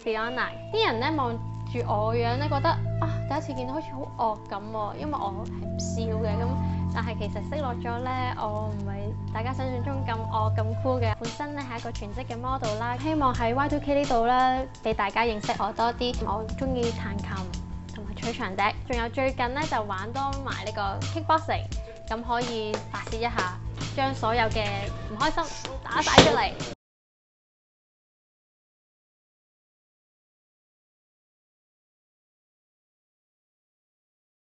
啲人咧望住我個樣咧，覺得啊，第一次見到好似好惡咁，因為我係唔笑嘅咁。但係其實識落咗咧，我唔係大家想象中咁惡咁酷嘅。本身咧係一個全職嘅 model 啦，希望喺 Y2K 呢度咧，俾大家認識我多啲。我中意彈琴同埋吹長笛，仲有最近咧就玩多埋呢個 kickboxing，咁可以發泄一下，將所有嘅唔開心打曬出嚟。